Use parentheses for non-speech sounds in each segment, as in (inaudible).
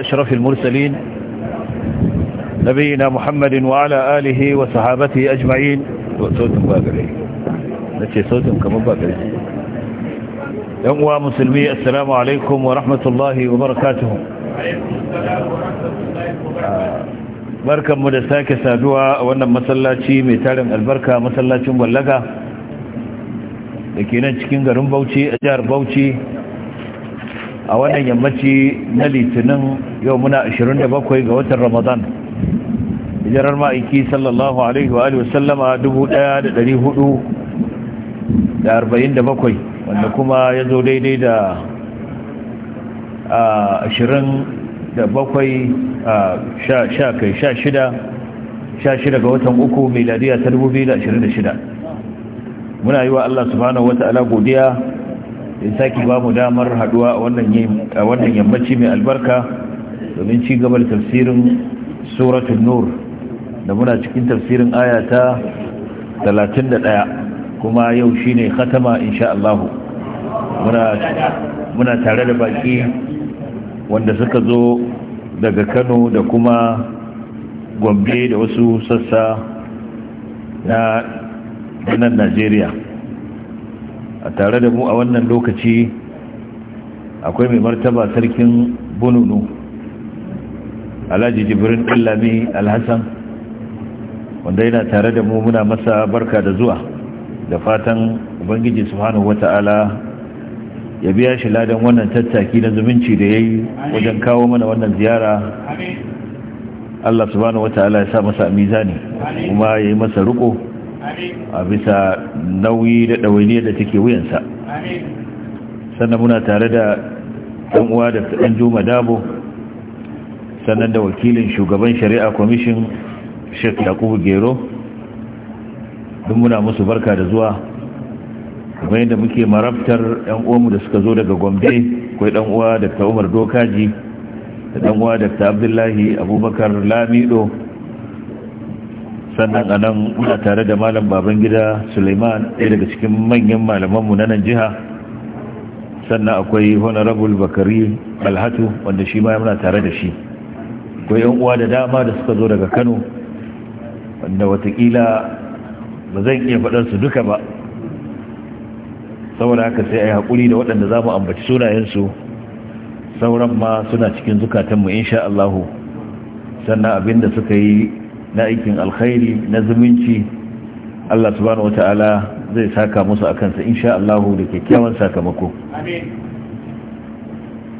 أشرف المرسلين نبينا محمد وعلى آله وصحابته أجمعين صوتهم باقري نتي صوتهم كما باقري مسلمي السلام عليكم ورحمة الله وبركاته barkan mu da sake saduwa a wannan masallaci mai tarin albarka masallacin wallaga da nan cikin garin bauchi a jihar bauchi a wannan yammaci na litinin yau muna 27 ga watan ramadan jirar ma'aiki sallallahu alaihi wa sallama 1447 wanda kuma ya zo daidai da 27 sha kai sha shida sha shida ga watan uku miladiya ta 2026 muna yi wa Allah subhanahu wa ta'ala godiya ya sake ba mu damar haduwa a wannan yammaci mai albarka domin ci gaba da tafsirin suratul nur da muna cikin tafsirin aya ta 31 kuma yau shine khatama insha Allah muna muna tare da baki wanda suka zo daga Kano da kuma Gombe da wasu sassa na nan Najeriya a tare da mu a wannan lokaci akwai mai martaba sarkin bununu alhaji jibrin ɗallami alhassan wanda yana tare da mu muna masa barka da zuwa da fatan ubangiji subhanahu wata'ala ya biya shi ladan wannan tattaki na zumunci da ya yi wajen kawo mana wannan ziyara Allah subhanahu wa ta'ala ya sa masa mizani kuma ya yi masa riko a bisa nauyi da ɗawainiyar da take wuyansa sannan muna tare da ɗan uwa da ɗan juma dabo sannan da wakilin shugaban shari'a kwamishin shek yakubu gero don muna musu barka da zuwa kuma yadda muke marabtar 'yan uwanmu da suka zo daga gombe kai ɗan uwa da umar dokaji da ɗan uwa da abdullahi abubakar lamido sannan a nan muna tare da malam baban gida suleiman ɗaya daga cikin manyan malamanmu na nan jiha sannan akwai honorable bakari alhatu wanda shi ma muna tare da shi akwai yan uwa da dama da suka zo daga kano wanda watakila ba zan iya faɗansu duka ba saboda haka sai a yi haƙuri da waɗanda za mu ambaci sunayensu sauran ma suna cikin zukatanmu insha Allahu sannan abinda suka yi na aikin alkhairi na zumunci Allah subhanahu wataala zai saka musu akan sa insha Allah da kyakkyawan sakamako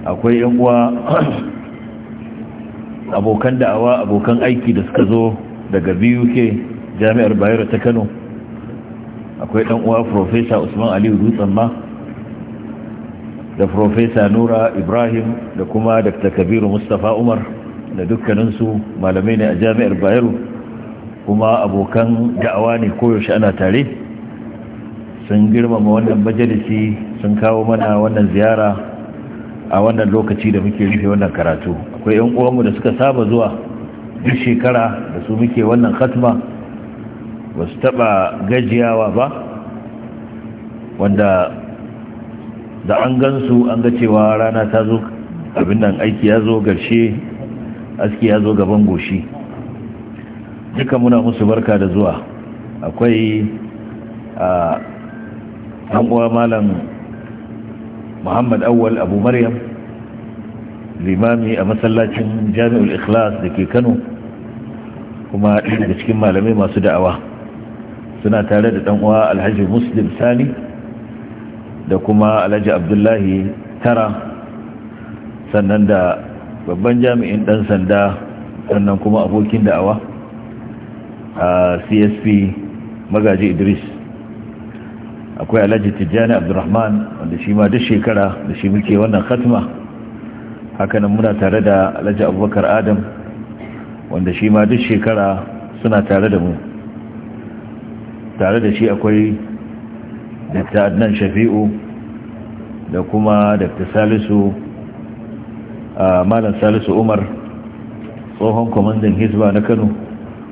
akwai yan uwa abokan da'awa abokan aiki da suka zo daga BUK Jami'ar Bayero ta Kano akwai dan uwa Professor Usman Aliyu Dutsen ma da Professor Nura Ibrahim da kuma Dr. Kabiru Mustafa Umar da dukkaninsu malamai ne a jami'ar bayero kuma abokan da'awa ne koyaushe ana tare sun girmama wannan majalisi sun kawo mana wannan ziyara a wannan lokaci da muke rufe wannan karatu akwai 'yan uwanmu da suka saba zuwa duk shekara da su muke wannan khatma ba su taba gajiyawa ba wanda da an gansu an ga cewa rana ta zo abin nan aiki ya zo garshe aski ya zo gaban goshi duka muna musu barka da zuwa akwai a uwa malam muhammad awwal abu maryam limami a masallacin jami'ul ikhlas da ke kano kuma daga cikin malamai masu da'awa suna tare da uwa alhaji muslim sani da kuma alhaji abdullahi tara sannan da babban jami'in ɗan sanda sannan kuma abokin da'awa a csp magaji idris akwai alhaji tijjani abdurrahman wanda shi ma duk shekara da shi muke wannan khatma hakanan muna tare da alhaji abubakar adam wanda shi ma duk shekara suna tare da mu tare da shi akwai dr adnan shafi'u da kuma dr salisu a malam salisu umar tsohon kwamandan hizba na kano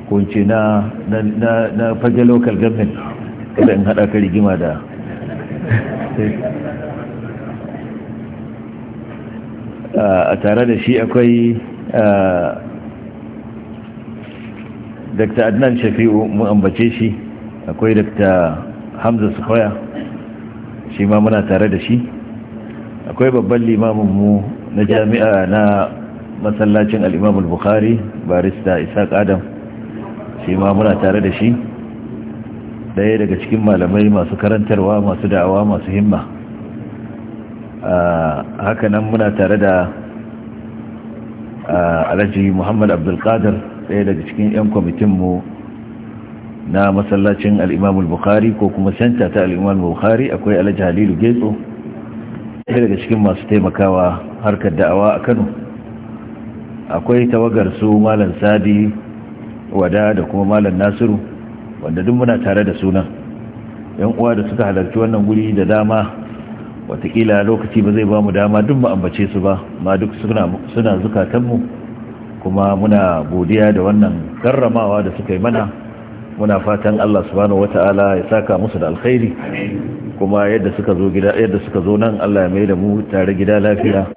kunce na na fage local government kada in haɗa ka rigima da (laughs) a tare da shi akwai dr adnan shafi'u mu ambace shi akwai dr hamza sukoya shi ma muna tare da shi akwai babban limamin mu na jami'a na masallacin al'imamul al-bukhari barista isaac adam shi ma muna tare da shi daya daga cikin malamai masu karantarwa masu da'awa masu himma haka nan muna tare da alhaji muhammad abdulkadir daya daga cikin 'yan mu na masallacin al'imamul bukhari ko kuma santa ta al'imam al-bukhari akwai alhaji halilu getso ɗaya daga cikin masu taimakawa harkar da'awa a kano akwai tawagar su malam sadi wada da kuma malam nasiru wanda duk muna tare da sunan yan uwa da suka halarci wannan guri da dama watakila lokaci ba zai ba mu dama duk mu ambace su ba ma duk suna zukatanmu kuma muna godiya da wannan karramawa da suka yi mana muna fatan Allah subhanahu wata'ala ya saka musu da alkhairi kuma yadda suka zo gida yadda suka zo nan Allah ya mai da mu tare gida lafiya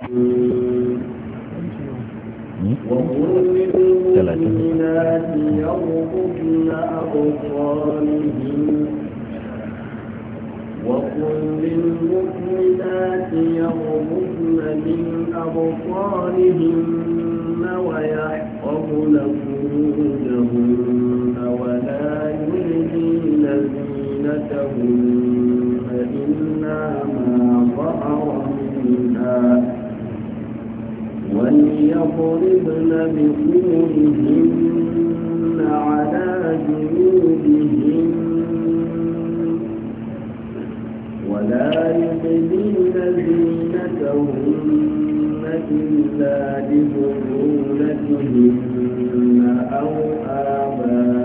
وقل للمؤمنات يغضبن من أبصارهن ويحفظن فروجهن ولا يلهين زينتهن إلا ما ظهر منها وليضربن بخمرهن على جنوبهن ولا يبدين زينتهن إلا لبطولتهن أو آبائهن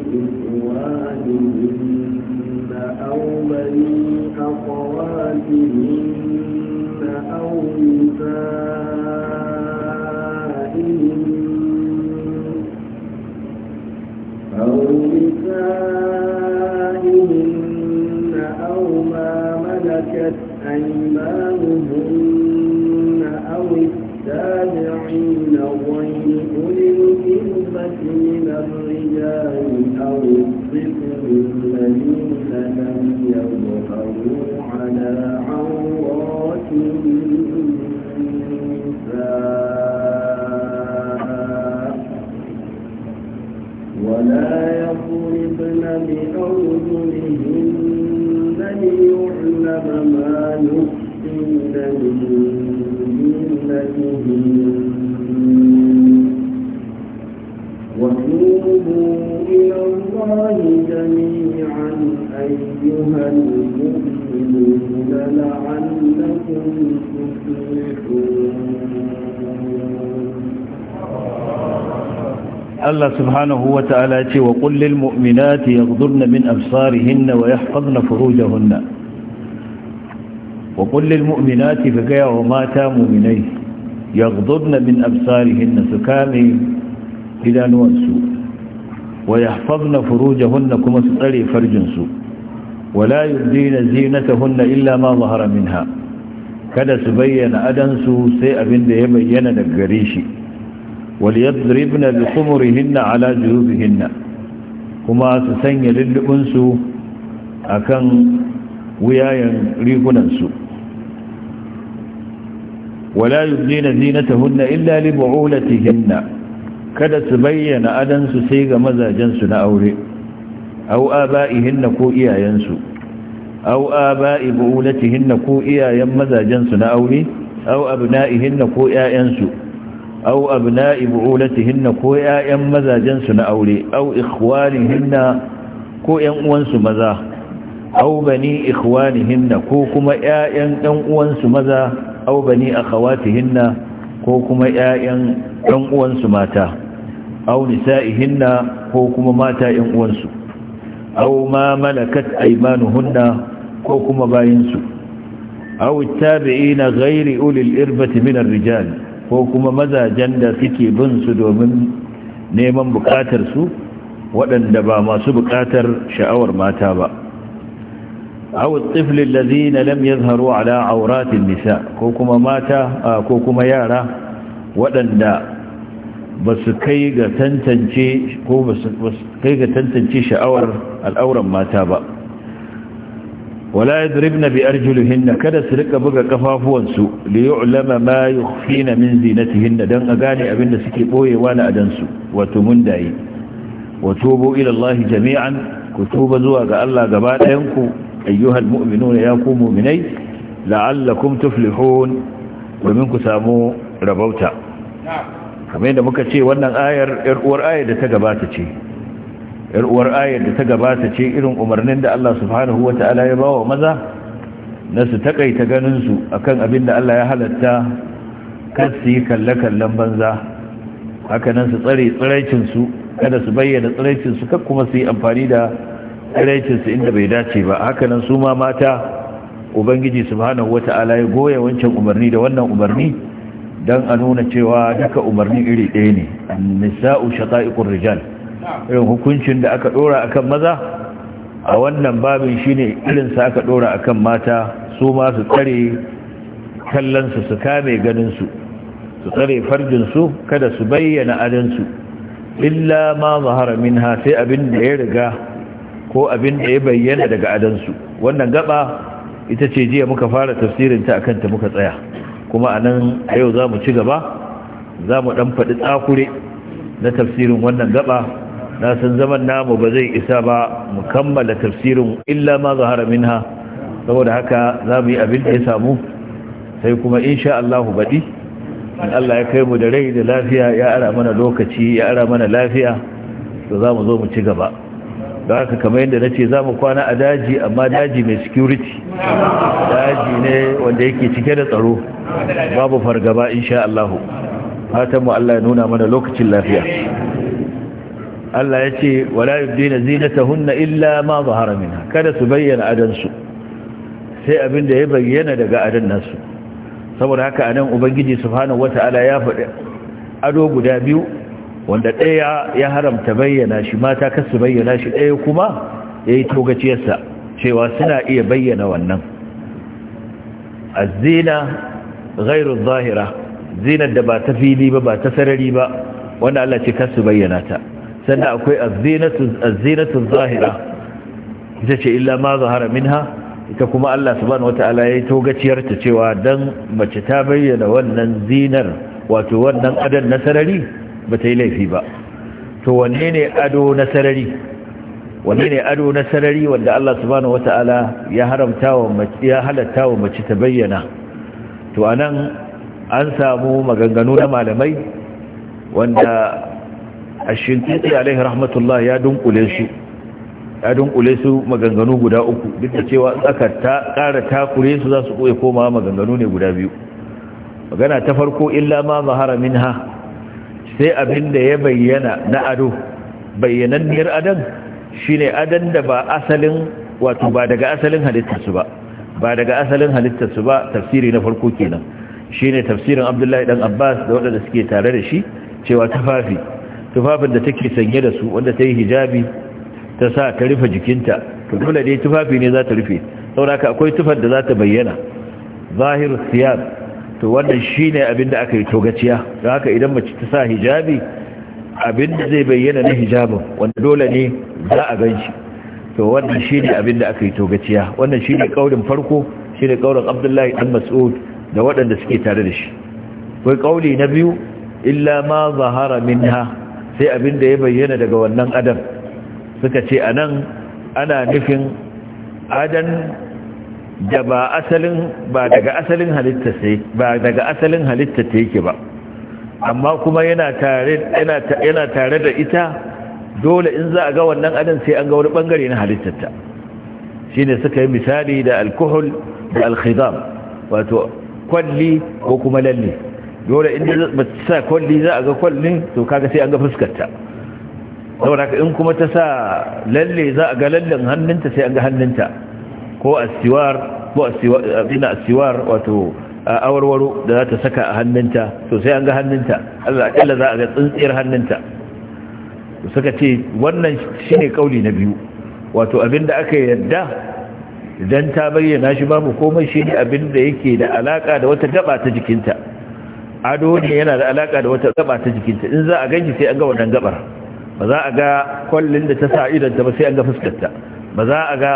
Allah subhanahu wa ta'ala ce wa kullil mu'minati yaghdurna min absarihinna wa yahfazna furujahunna wa kullil mu'minati fa gaya wa mata mu'minai yaghdurna min absarihinna su kame idanuwansu wa yahfazna furujahunna kuma su tsare farjinsu ولا zinata زينتهن illa ما ظهر منها kada su bayyana adansu sai abin da ya bayyana daga gare shi وليضربن بخمرهن على جيوبهن كما سسني للبنس أكن ويايا ريقننس ولا يبدين زينتهن إلا لبعولتهن kada su bayyana adansu sai ga mazajensu na aure au aba'ihinna ko iyayensu au aba'i bu'ulatihinna ko iyayen mazajensu na aure au abna'ihinna ko 'ya'yansu aw abna'i bu'ulatihinna ko ƴaƴan mazajen na aure aw ikhwanihinna ko ƴan uwan su maza aw bani ikhwanihinna ko kuma ƴaƴan ɗan uwan maza aw bani akhawatihinna ko kuma ƴaƴan ɗan uwan su mata aw hinna ko kuma mata ƴan uwan su aw ma malakat aymanuhunna ko kuma bayin su aw tabi'ina ghairi ulil irbati minar rijal ko kuma mazajen da suke bin su domin neman bukatar su waɗanda ba masu bukatar sha'awar mata ba aw at lazina lam yadhharu ala auratin nisa ko kuma mata ko kuma yara waɗanda ba su kai ga tantance ko ba su kai ga tantance sha'awar al'auran mata ba wala yadribna bi na kada su rika buga kafafuwansu li yu'lama ma yukhfina min zinatihinna dan a gane abin da suke boyewa na adansu wato mundaye wa wato bo ilallahi jami'an ku tuba zuwa ga Allah gaba ɗayanku ku ayyuhal muminu ya ku mu'minai la'allakum tuflihun domin ku samu rabauta kamar yadda muka ce wannan ayar yar uwar ayar da ta gabata ce yar uwar ayar da ta gabata ce irin umarnin da Allah subhanahu wata'ala ya bawa maza na su takaita ganin su akan abin da Allah ya halatta kan su yi kalle-kallen banza hakanan su tsare tsiraicin su kada su bayyana tsiraicin su kuma su yi amfani da tsiraicin su inda bai dace ba hakanan su ma mata ubangiji subhanahu wata'ala ya goya wancan umarni da wannan umarni dan a nuna cewa duka umarni iri ɗaya ne an nisa'u shata'iqur rijal irin hukuncin da aka dora akan maza a wannan babin shine irin sa aka dora akan mata su ma su tsare kallon su su kame ganin su su tsare farjin su kada su bayyana adan su illa ma zahara minha sai abin da ya riga ko abin da ya bayyana daga adan su wannan gaba ita ce jiya muka fara tafsirin ta akan ta muka tsaya kuma anan a yau zamu ci gaba zamu dan faɗi tsakure na tafsirin wannan gaba na san zaman namu ba zai isa ba mu kammala tafsirin illa ma zahara minha saboda haka za mu yi abin da ya samu sai kuma insha allahu baɗi in Allah ya kai mu da rai da lafiya ya ara mana lokaci ya ara mana lafiya to za mu zo mu ci gaba da haka kamar yadda na ce za mu kwana a daji amma daji mai security daji ne wanda yake cike da tsaro babu fargaba insha allahu fatan mu Allah ya nuna mana lokacin lafiya Allah ya ce wala yubdina hunna illa ma zahara minha kada su bayyana adansu sai abin da ya bayyana daga adan nasu saboda haka anan ubangiji subhanahu wataala ya faɗi ado guda biyu wanda ɗaya ya haramta bayyana shi mata su bayyana shi ɗaya kuma ya yi togaciyarsa cewa suna iya bayyana wannan azina ghairun zahira zinar da ba ta fili ba ba ta sarari ba wanda Allah ce su bayyana ta sannan akwai azzinatu zahira ita ce illa ma zahara minha ita kuma Allah subhanahu wata'ala ya yi togaciyar cewa don mace ta bayyana wannan zinar wato wannan adon na sarari ba ta yi laifi ba to wanne ne ado na sarari wanne ne ado na sarari wanda Allah subhanahu wata'ala ya haramta wa mace ya halatta wa mace ta bayyana to anan an samu maganganu na malamai wanda a shinkiti alaihi rahmatullah ya dunkule su ya dunkule su maganganu guda uku duk da cewa aka ta ƙara takure su za su koya koma maganganu ne guda biyu magana ta farko illa ma mahara minha sai abin da ya bayyana na ado bayyananniyar adan shine adan da ba asalin wato ba daga asalin halittarsu ba ba daga asalin ba tafsiri na farko kenan shine tafsirin Abdullahi dan Abbas da waɗanda suke tare da shi cewa tafafi tufafin da take sanye da su wanda ta yi hijabi ta sa ta rufe jikinta to dole dai tufafi ne za ta rufe sauraka akwai tufar da za ta bayyana zahir siyar to wannan shi ne abinda aka yi togaciya don haka idan mace ta sa hijabi abinda zai bayyana na hijabin wanda dole ne za a gan shi to wannan shi ne abinda aka yi togaciya wannan shi ne ƙaurin farko shi ne ƙaurin abdullahi ɗan mas'ud da waɗanda suke tare da shi kai ƙauli na biyu illa ma zahara minha sai abin da ya bayyana daga wannan adam suka ce a nan ana nufin adan da ba asalin ba daga asalin halitta sai ba daga asalin halitta ta yake ba amma kuma yana tare yana tare da ita dole in za a ga wannan adam sai an ga wani bangare na halittarta shine suka yi misali da alkohol da alkhidam wato kwalli ko kuma lalle dole inda ba ta sa kwalli za a ga kwallin to kaga sai an ga fuskarta saboda ka in kuma ta sa lalle za a ga lallen hannunta sai an ga hannunta ko a siwar ko a siwar wato a awarwaro da za ta saka a hannunta to sai an ga hannunta Allah akalla za a ga tsintsiyar hannunta To saka ce wannan shine kauli na biyu wato abinda aka yadda idan ta bayyana shi babu komai shine abinda yake da alaka da wata gaba ta jikinta ado ne yana da alaka da wata gaba ta jikinta in za a ganki sai an ga wannan gabar ba za a ga kwallin da ta sa ta ba sai an ga fuskarta ba za a ga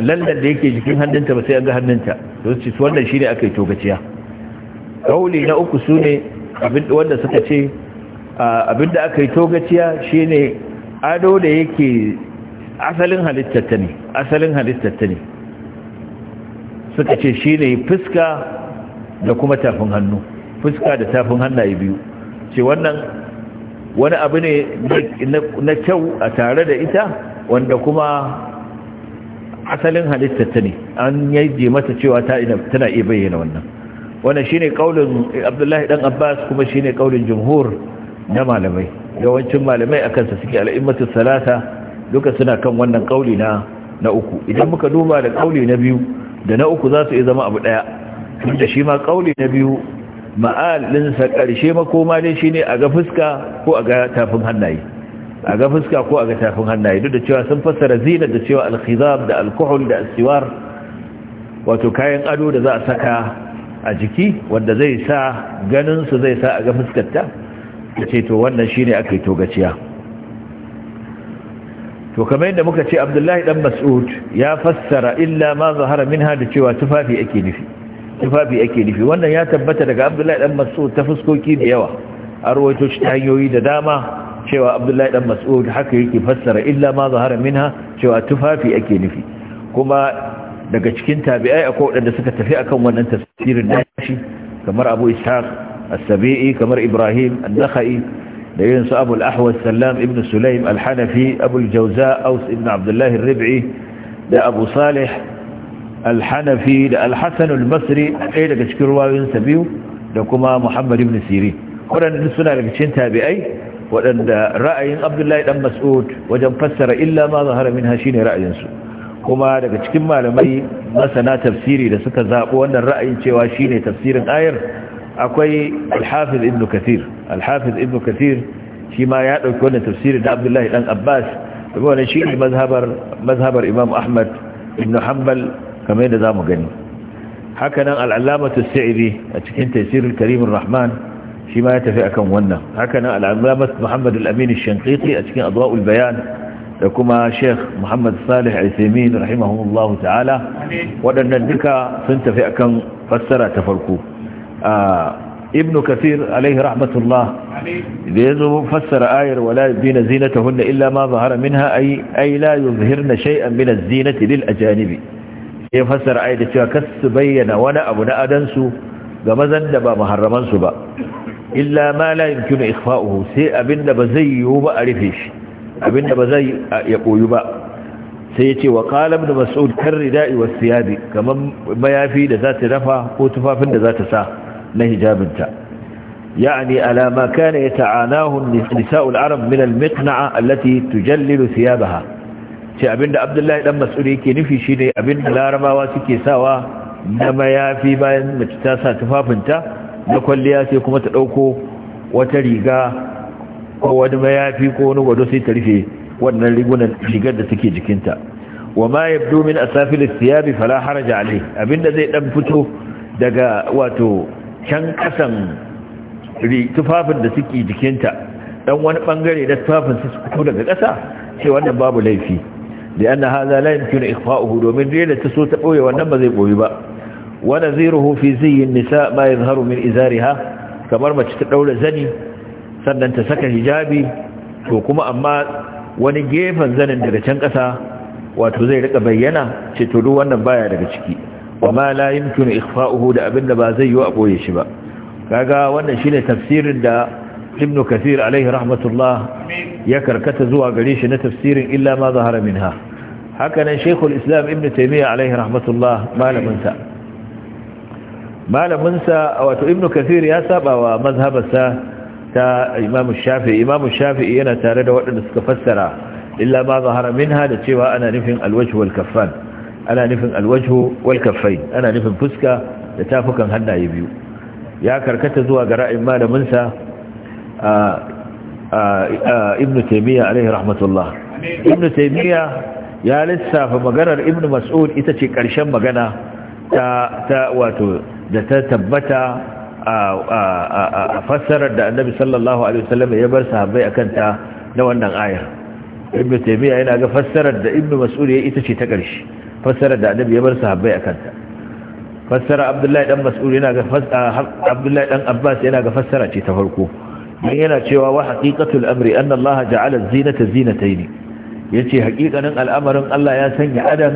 lallan da yake jikin hannunta ba sai an ga hannunta don ci wannan shine aka yi togaciya kauli na uku sune abin wanda suka ce abin da aka yi togaciya shine ado da yake asalin ta ne asalin ta ne suka ce shine fuska da kuma tafin hannu fuska da tafin hannaye biyu ce wannan wani abu ne na kyau a tare da ita wanda kuma asalin halittar ta ne an yaje mata cewa tana iya bayyana wannan wannan shine kaulin Abdullahi dan Abbas kuma shine kaulin jumhur na malamai yawancin malamai akan sa suke al'immatu salasa duka suna kan wannan kauli na na uku idan muka duba da kauli na biyu da na uku za su iya zama abu daya da shi ma kauli na biyu ma'al ɗinsa ƙarshe makoma dai shine a ga fuska ko a ga tafin hannaye a ga fuska ko a ga tafin hannaye duk da cewa sun fassara zina da cewa alkhizab da alkohol da siwar wato kayan ado da za a saka a jiki wanda zai sa ganinsu zai sa a ga fuskarta da ce to wannan shine ne aka yi togaciya to kamar yadda muka ce abdullahi dan mas'ud ya fassara illa ma zahara minha da cewa tufafi ake nufi tufafi ake nufi wannan ya tabbata daga abdullahi dan mas'ud ta fuskoki da yawa an rawaito shi ta hanyoyi da dama cewa abdullahi dan mas'ud haka yake fassara illa ma zahara minha cewa tufafi ake nufi kuma daga cikin tabi'ai akwai wadanda suka tafi akan wannan tafsirin dashi kamar abu ishaq as-sabi'i kamar ibrahim an-nakhai da yin su abu al-ahwas sallam ibn sulaim al-hanafi abu al-jawza aus ibn abdullahi ar-rib'i da abu salih alhanafi da alhassanul masri ɗaya daga cikin ruwayoyinsa biyu da kuma muhammad ibn siri waɗanda suna daga cikin tabi'ai waɗanda ra'ayin abdullahi dan mas'ud wajen fassara illa ma zahara minha shine ra'ayinsu kuma daga cikin malamai masana tafsiri da suka zaɓi wannan ra'ayin cewa shine tafsirin ayar akwai alhafiz ibn kathir alhafiz ibn kathir shi ma ya ɗauki wannan tafsiri da abdullahi dan abbas kuma wannan shi mazhabar mazhabar imam ahmad ibn hanbal kamar yadda mu gani hakanan al sa'idi a cikin tafsirul karimin rahman shi ma ya tafi akan wannan hakanan al-allamatu muhammad al a cikin adwa'ul bayan da kuma sheikh muhammad salih al-uthaymeen rahimahullahu ta'ala waɗannan duka sun tafi akan fassara ta farko ibn kathir alaihi rahmatullah da zo fassara ayar wala yubina zinatahunna illa ma zahara minha ay ay la yuzhirna shay'an min az-zinati lil ajanibi ya fassara ai da cewa kas su bayyana wani abu na adansu ga mazan da ba muharramansu ba illa ma la yumkinu ikhfa'uhu sai abinda ba zai yiwu ba a rufe shi abinda ba zai ya koyu ba sai ya ce wa qala ibn mas'ud kar rida'i was siyabi kaman mayafi da za ta rafa ko tufafin da za ta sa na hijabinta يعني على ما كان يتعاناه النساء العرب من المقنعة التي تجلل ثيابها ce abinda abdullahi dan mas'ud yake nufi shine abinda larabawa suke sawa na mayafi bayan mace ta sa tufafinta na kwalliya sai kuma ta dauko wata riga ko wani mayafi ko wani gwado sai ta rufe wannan rigunan rigar da take jikinta wa ma yabdu min asafil thiyabi fala haraja alai abinda zai dan fito daga wato can kasan tufafin da suke jikinta dan wani bangare da tufafin su fito daga kasa ce wannan babu laifi da yana haza layin tuni uhu domin rela ta so ta ɓoye wannan ba zai ɓoye ba wani zirahu fi ziyin nisa bayan harumin izariha kamar mace ta ɗaura zani sannan ta saka hijabi to kuma amma wani gefen zanin daga can ƙasa wato zai rika bayyana ce to duk wannan baya daga ciki amma layin tuni ikfa'uhu da abinda da ba zai yi wa ɓoye shi ba kaga wannan shine tafsirin da ibn kathir alaihi rahmatullah ya karkata zuwa gare shi na tafsirin illa ma zahara minha hakanan shekul islam ibn taimiyya alaihi rahmatullah malaminsa malaminsa wato ibn kathir ya saba wa mazhabarsa ta imamu shafi'i imamu shafi'i yana tare da waɗanda suka fassara illa ma zahara minha da cewa ana nufin alwajhu wal kaffan ana nufin alwajhu wal kaffain ana nufin fuska da tafukan hannaye biyu ya karkata zuwa ga ra'ayin malaminsa ibn taimiyya alaihi rahmatullah ibn taimiyya ya lissafa maganar ibn mas'ud ita ce karshen magana ta wato da ta tabbata a fassarar da annabi sallallahu alaihi wasallam ya bar sahabbai akan ta na wannan aya ibn taimiyya yana ga fassarar da ibn mas'ud ya ita ce ta karshe fassarar da annabi ya bar sahabbai akan ta fassara abdullahi dan mas'ud yana ga fassara abdullahi dan abbas yana ga fassara ce ta farko dan yana cewa wa haqiqatul amri annallaha Allah ja'ala zinata zinatayn yace haƙiƙanin al'amarin Allah ya sanya adam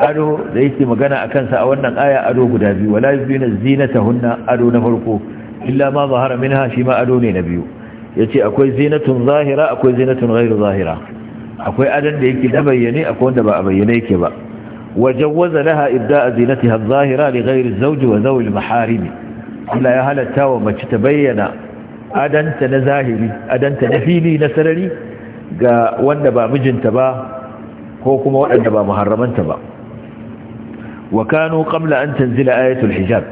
ado da yake magana akan sa a wannan aya ado guda biyu wala yubina zinatahunna ado na farko illa ma zahara minha shi ma ado ne na biyu yace akwai zinatun zahira akwai zinatun ghairu zahira akwai adan da yake da bayyane akwai wanda ba a bayyane yake ba وجوز لها إبداء زينتها الظاهرة لغير الزوج ya المحارم wa mace ta bayyana. adanta na zahiri adanta na fili na sarari ga wanda ba mijinta ba ko kuma waɗanda ba muharramanta ba wa kanu qabla an tanzila ayatul hijab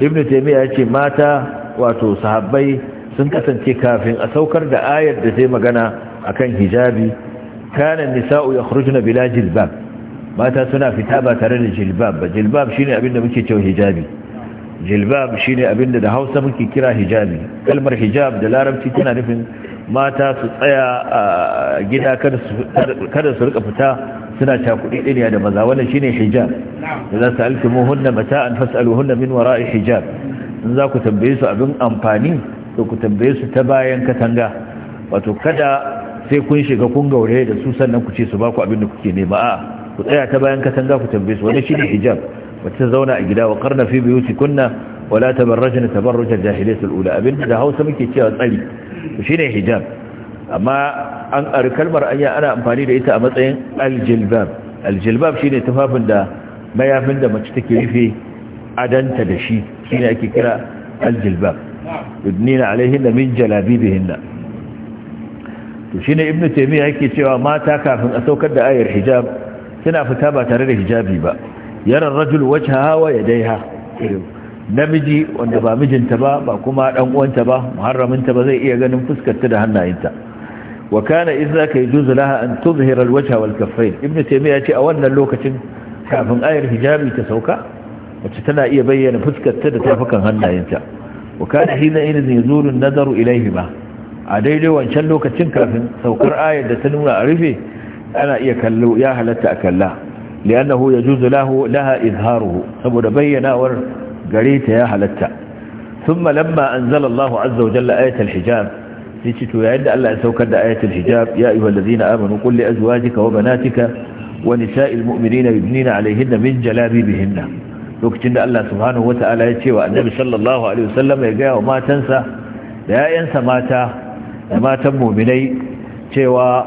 ibnu taymiya ce mata wato sahabbai sun kasance kafin a saukar da ayar da zai magana akan hijabi kana nisa'u yakhrujuna bila jilbab mata suna fita ba tare da jilbab ba jilbab shine abin da muke cewa hijabi jilbab shi ne abinda da Hausa muke kira hijabi kalmar hijab da larabci tana nufin mata su tsaya a gida kada su rika fita suna ɗin ya da maza wannan ne hijab da za su alfimu hunna mata an fasalu hunna min wara'i hijab in za ku tambaye su abin amfani to ku tambaye su ta bayan katanga wato kada sai kun shiga kun gaure da su sannan ku ce su ba ku abin da kuke nema a ku tsaya ta bayan katanga ku tambaye su wani ne hijab mutum zauna a gida wa karna fi biyuti kunna wala tabarrajna tabarrujal jahiliyatul ula abin da Hausa muke cewa tsari shine hijab amma an ari kalmar anya ana amfani da ita a matsayin aljilbab aljilbab shine tufafin da mayafin da mace take rufe adanta da shi shine ake kira aljilbab yudnina alaihinna min jalabibihinna to shine ibnu taymiya yake cewa mata kafin a saukar da ayar hijab suna fita ba tare da hijabi ba yaran rajul hawa ya daiha namiji wanda ba mijinta ba ba kuma dan uwanta ba muharraminta ba zai iya ganin fuskarta da hannayenta wa kana idza ka yujuzu laha an tuzhira wacce wal kaffayn ibnu taymiya ce a wannan lokacin kafin ayar hijabi ta sauka wacce tana iya bayyana fuskarta da tafukan hannayenta wa kana hina in yazuru an-nazaru ilayhima a daidai wancan lokacin kafin saukar ayar da ta nuna a rufe ana iya kallo ya halatta a kalla li'annahu yajuzu lahu laha izharuhu saboda bayyanawar gare ta ya halatta thumma lamma anzala Allahu azza wa jalla ayatul hijab sai ce to yayin da Allah ya saukar da ayatul hijab ya ayyuhallazina amanu qul li azwajika wa banatika wa nisa'il mu'minina yudnina 'alayhinna min jalabibihinna lokacin da Allah subhanahu wa ta'ala ya ce wa annabi sallallahu alaihi wasallam ya gaya wa matansa da 'ya'yansa mata da matan mu'minai cewa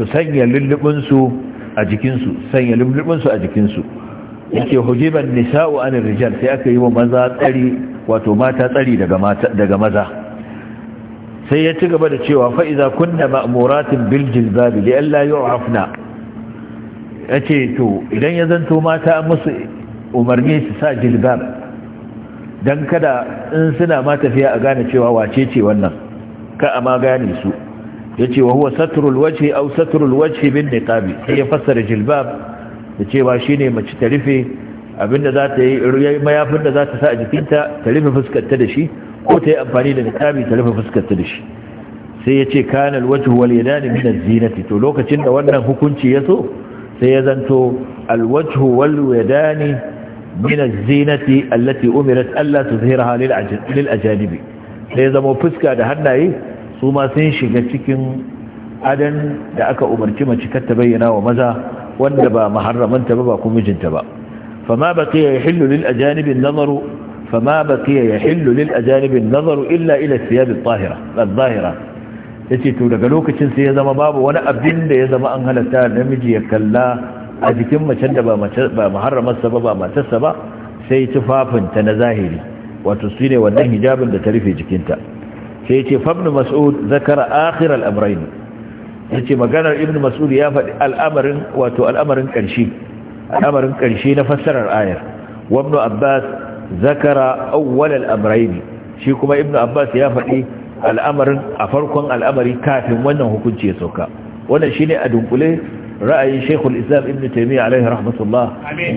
su sanya lullubinsu a jikinsu sanya lullubinsu a jikinsu yake hujiban nisa'u an rijal sai aka yi wa maza tsari wato mata tsari daga maza sai ya ci gaba da cewa Fa'iza, kunna ma'muratin bil jilbab li alla Ya yace to idan ya zanto mata musu umarni su sa jilbab dan kada in suna matafiya a gane cewa wace ce wannan ka ma gane su yace wa huwa satrul wajhi au satrul wajhi bin niqabi sai ya fassara jilbab da cewa shine mace ta rufe abinda za ta yi mayafin da za ta sa a jikinta ta rufe fuskarta da shi ko ta yi amfani da niqabi ta rufe fuskarta da shi sai ya ce kana alwajhu wal yadani min az-zinati to lokacin da wannan hukunci ya so sai ya zanto alwajhu wal yadani min az-zinati allati umirat alla tuzhiraha lil ajnabi sai zama fuska da hannaye su ma sun shiga cikin adan da aka umarci mace kar ta bayyana wa maza wanda ba maharramanta ba ba kuma mijinta ba فما بقي يحل للأجانب النظر فما بقي يحل للأجانب النظر إلا إلى الثياب الطاهرة الظاهرة yace to daga lokacin sai ya zama babu wani abin da ya zama an halatta namiji ya kalla a jikin macen da ba ba ba ba matarsa ba sai tufafinta na zahiri wato su ne wannan hijabin da ta rufe jikinta sai ce fabnu mas'ud zakara akhir al yace maganar ibnu mas'ud ya faɗi al'amarin wato al'amarin ƙarshe al'amarin ƙarshe na fassarar ayar wa ibnu abbas zakara awwal al shi kuma ibnu abbas ya faɗi al'amarin a farkon al'amari kafin wannan hukunci ya sauka wannan shine a dunkule ra'ayin Sheikhul Islam Ibn Taymiyyah alaihi rahmatullah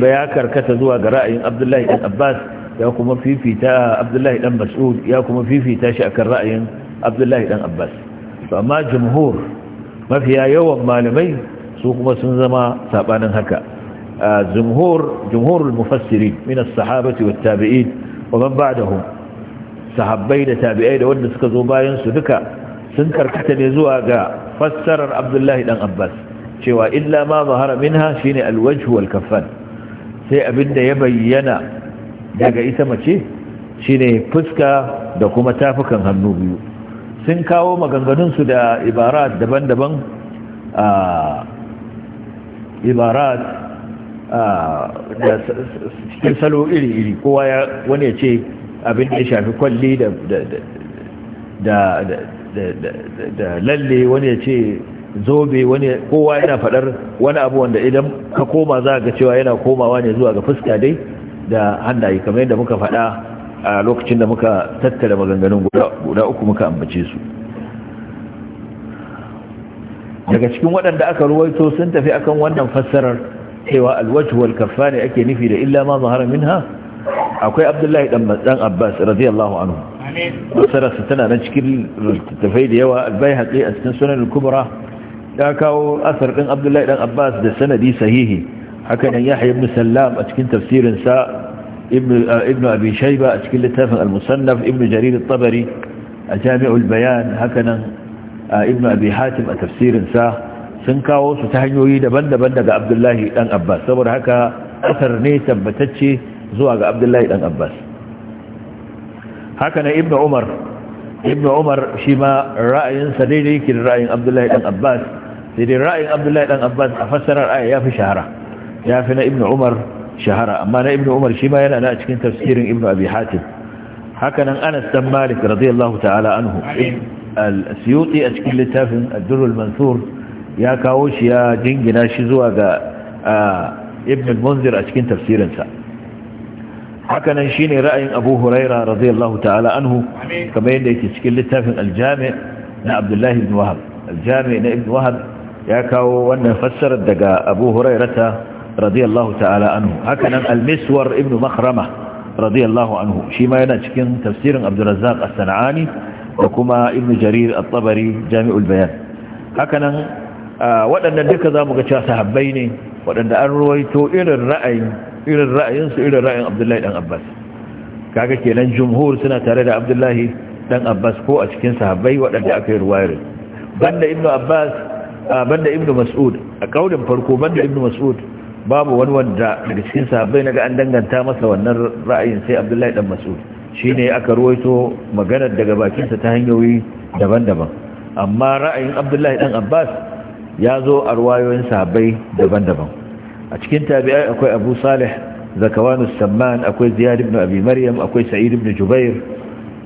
ba ya karkata zuwa ga ra'ayin Abdullahi ibn Abbas ya kuma fifita abdullahi dan mas'ud ya kuma fifita shi akan ra'ayin abdullahi dan abbas amma jumhur mafiya yawan malamai su kuma sun zama sabanin haka jumhur jumhurul mufassirin min as-sahabati wat-tabi'in wa man ba'dahum sahabbai da tabi'ai da wanda suka zo bayan su duka sun karkata ne zuwa ga fassarar abdullahi dan abbas cewa illa ma zahara minha shine al-wajh wal-kaffan sai abinda ya bayyana daga ita mace shine fuska da kuma tafukan hannu biyu sun kawo maganganunsu da ibarat daban-daban a ibarat da cikin salo iri-iri kowa ya wani ya ce abin da ya shafi kwalli da lalle wani ya ce zobe kowa yana faɗar wani abu wanda idan ka koma za ga cewa yana komawa ne zuwa ga fuska dai da hannaye kamar yadda muka faɗa a lokacin da muka tattara maganganun guda uku muka ambace su daga cikin waɗanda aka ruwaito sun tafi akan wannan fassarar cewa alwajhu wal ne ake nufi da illa ma zahara minha akwai abdullahi dan abbas radiyallahu anhu fassarar sa tana nan cikin tafai da yawa albayhaqi a cikin sunan al-kubra ya kawo asar din abdullahi dan abbas da sanadi sahihi حكى يعني عن يحيى بن سلام أتكن تفسير نساء ابن, ابن أبي شيبة أتكن لتافن المصنف ابن جرير الطبري أجامع البيان حكى عن آه، ابن أبي حاتم أتفسير نساء سنكاو ستحنيو يدى بند بند عبد الله الان أباس صبر حكى أثر نيسا بتتشي زوء عبد الله الان أباس حكى ابن عمر ابن عمر شما رأي سديدي كالرأي عبد الله الان أباس سيدي رأي عبد الله الان أباس أفسر الآية في شهره يعفنا ابن عمر شهرة أما أنا ابن عمر شما ينا أنا أتكين تفسير ابن أبي حاتم حكنا أنا مالك رضي الله تعالى عنه السيوطي أتكين لتافن الدر المنثور يا كاوش يا جنج ناشزوا ابن المنذر أتكين تفسير انسا حكنا نشيني رأي أبو هريرة رضي الله تعالى عنه كما يندي تتكين لتافن الجامع عبد الله بن وهب الجامع ابن وهب يا كاو وانا فسر الدقاء أبو هريرة radiyallahu ta'ala anu hakanan almiswar ibnu ibn makhrama radiyallahu anhu shima yana cikin tafsirin abdurrazzaq as-sanani da kuma ibn jarir at-tabari jami'ul bayan hakanan waɗannan duka zamu ga cewa sahabbai ne waɗanda an ruwaito irin ra'ayin irin ra'ayinsu irin ra'ayin abdullahi dan abbas kaga kenan jumhur suna tare da abdullahi dan abbas ko a cikin sahabbai waɗanda aka yi ruwayar banda ibnu abbas banda ibnu mas'ud a kaulin farko banda ibnu mas'ud babu wani wanda daga cikin sahabbai naga an danganta masa wannan ra'ayin sai Abdullahi dan Mas'ud shine aka ruwaito maganar daga bakinsa ta hanyoyi daban-daban amma ra'ayin Abdullahi dan Abbas ya zo a ruwayoyin sahabbai daban-daban a cikin tabi'ai akwai Abu Salih Zakawan Samman akwai Ziyad ibn Abi Maryam akwai Sa'id ibn Jubair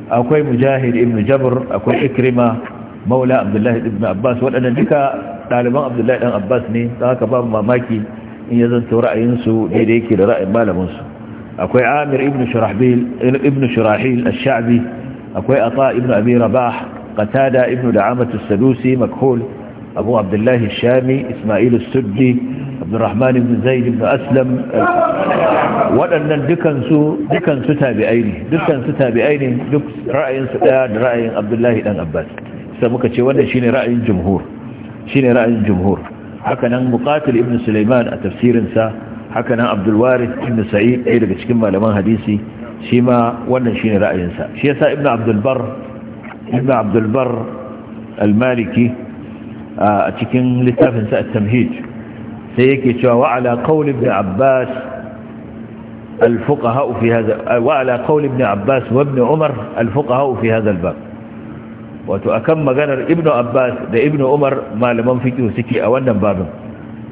akwai Mujahid ibn Jabr akwai Ikrima maula Abdullahi ibn Abbas waɗannan duka ɗaliban Abdullahi dan Abbas ne haka babu mamaki in ya zanto ra'ayinsu daidai yake da ra'ayin malaminsu akwai amir ibn shurahil al-sha'bi akwai ata ibn abi rabah qatada ibn da'amat as-sadusi makhul abu abdullahi shami isma'il sudi suddi rahman ibn zaid ibn aslam waɗannan dukansu dukansu tabi'ai ne dukansu tabi'ai ne duk ra'ayinsu daya da ra'ayin abdullahi dan abbas sai muka ce wannan shine ra'ayin jumhur shine ra'ayin jumhur hakanan nan muqatil ibn sulaiman a tafsirinsa hakanan abdulwari abdul ibn sa'id ɗaya daga cikin malaman hadisi shi ma wannan shine ra'ayinsa shi yasa ibn abdul ibn abdulbar al-maliki a cikin littafinsa at-tamhid sai yake cewa wa ala qawl ibn abbas الفقهاء umar هذا وعلى قول ابن wato akan maganar ibnu abbas da ibnu umar malaman fiqh suke a wannan babin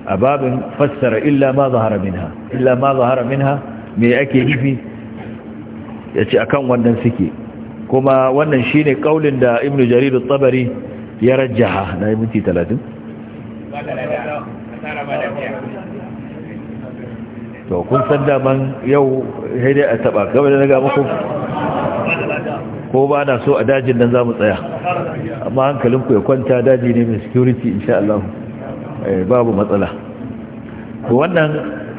a babin fassara illa ma zahara minha illa ma zahara minha me ake nufi yace akan wannan suke kuma wannan shine kaulin da ibnu jarir at-tabari ya rajjaha na minti 30 to kun san daman yau sai dai a taba gaba da naga muku ko ba na so a dajin nan za mu tsaya amma hankalinku ya kwanta daji ne mai security insha Allah eh, babu matsala wannan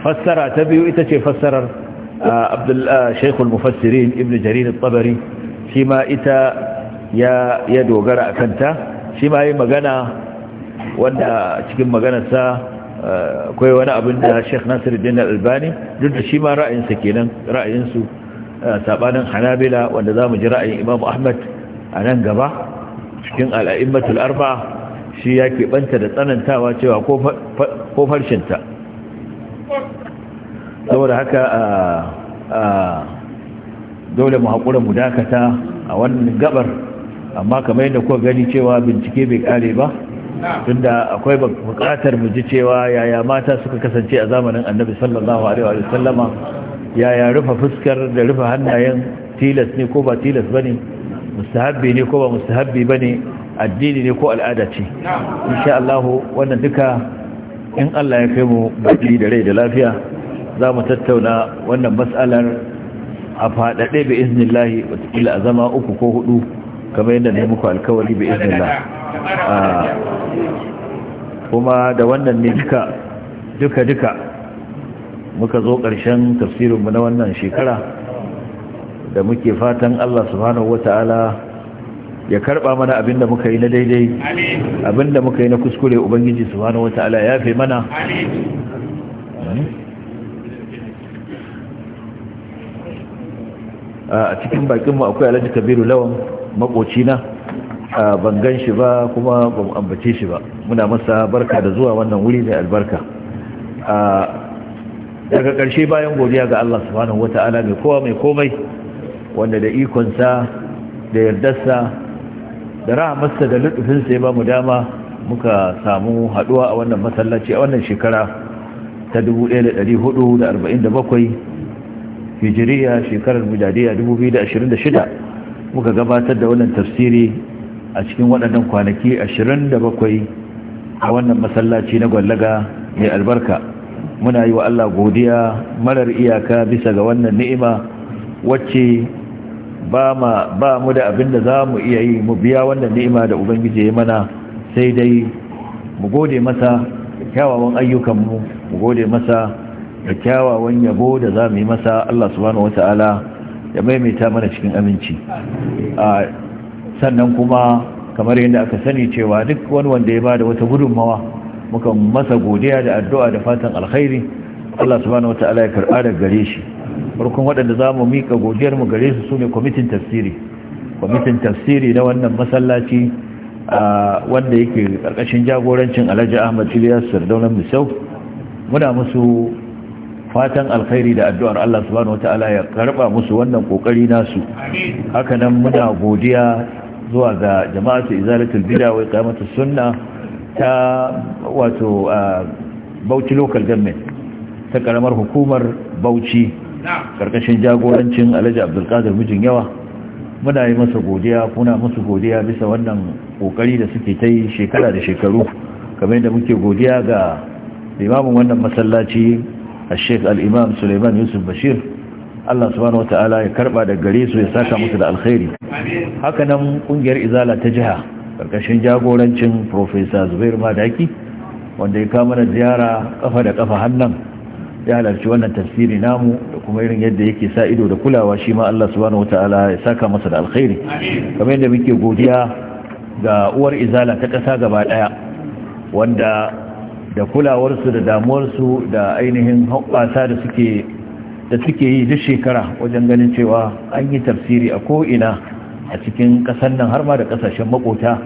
fassara ta biyu ita ce fassarar ah, ah, shaikhul mufassirin ibn jarir tabari shi ma ita ya dogara a kanta shi ma yi magana wanda cikin maganarsa ah, akwai wani abin da sheikh nasiruddin albani duk da shi ma ra'ayinsa kenan ra'ayinsu sabanin hanabila wanda za mu ji ra'ayin imamu ahmad a nan gaba cikin al'a'immatul arba shi ya keɓanta da tsanantawa cewa ko farshenta saboda haka dole mu haƙura mu dakata a wannan gabar amma kamar yadda kuka gani cewa bincike bai ƙare ba tunda akwai buƙatar mu ji cewa yaya mata suka kasance a zamanin annabi sallallahu alaihi wa sallama yaya rufe fuskar da rufe hannayen tilas ne ko ba tilas ba ne mustahabbi ne ko ba mustahabbi ba ne addini ne ko al'ada ce insha Allah wannan duka in Allah ya kai mu baki da rai da lafiya za mu tattauna wannan matsalar a faɗaɗe bi iznillahi watakila a zama uku ko hudu kamar yadda ne muku alkawari bi iznillah ah, kuma da wannan ne duka duka duka muka zo ƙarshen tafsirinmu na wannan shekara da muke fatan Allah subhanahu wata'ala ya karɓa mana abinda muka yi na daidai abinda muka yi na kuskure ubangiji subhanahu wata'ala ya fi mana a cikin bakinmu akwai alaji kabiru lawan makocina ban gan shi ba kuma ban ambace shi ba muna masa barka da zuwa wannan wuri mai albarka daga ƙarshe bayan godiya ga Allah subhanahu wata'ala mai kowa mai komai wanda da ikonsa da yardarsa da rahamarsa da lutufinsa ya ba mu dama muka samu haduwa a wannan masallaci a wannan shekara ta 1447 hijiriya shekarar mujadiyya 2026 muka gabatar da wannan tafsiri a cikin waɗannan kwanaki 27 a wannan masallaci na gwallaga mai albarka muna yi wa Allah godiya marar iyaka bisa ga wannan ni'ima wacce ba mu da abin da za mu iya yi mu biya wannan ni'ima da ubangiji ya mana sai dai mu gode masa da kyawawan ayyukanmu mu gode masa da kyawawan yabo da za mu yi masa Allah subhanahu wata'ala ya maimaita mana cikin aminci sannan kuma kamar yadda aka sani cewa duk wani wanda ya ba da wata gudunmawa muka masa godiya da addu'a da fatan alkhairi Allah subhanahu wata'ala ya karɓa da gare shi farkon waɗanda za mu miƙa godiyar mu gare su sune kwamitin tafsiri kwamitin tafsiri na wannan masallaci wanda yake ƙarƙashin jagorancin alhaji ahmad ilyas sardaunan misau muna musu fatan alkhairi da addu'ar Allah subhanahu wata'ala ya karɓa musu wannan ƙoƙari nasu nan muna godiya zuwa ga jama'atu izalatul bid'a wa iqamatus Sunna. ta wato bauchi local government ta karamar hukumar bauchi karkashin jagorancin alhaji abdulkadir mijin yawa muna yi masa godiya kuna musu godiya bisa wannan kokari da suke ta yi shekara da shekaru kamar yadda muke godiya ga limamin wannan masallaci a sheik al'imam suleiman yusuf bashir Allah subhanahu wata'ala ya karba da gare su ya saka musu da alkhairi nan kungiyar izala ta jiha karkashin jagorancin profesa zubair madaki wanda ya kama da ziyara kafa da kafa hannan ya halarci wannan tafsiri namu da kuma irin yadda yake sa ido da kulawa shi ma Allah subhanahu wataala ya saka masa da alkhairi kamar yadda muke godiya ga uwar izala ta kasa gaba daya wanda da kulawarsu da damuwarsu da ainihin hoɓɓasa da suke da suke yi duk shekara wajen ganin cewa an yi tafsiri a ko ina. a cikin ƙasar nan har ma da ƙasashen makota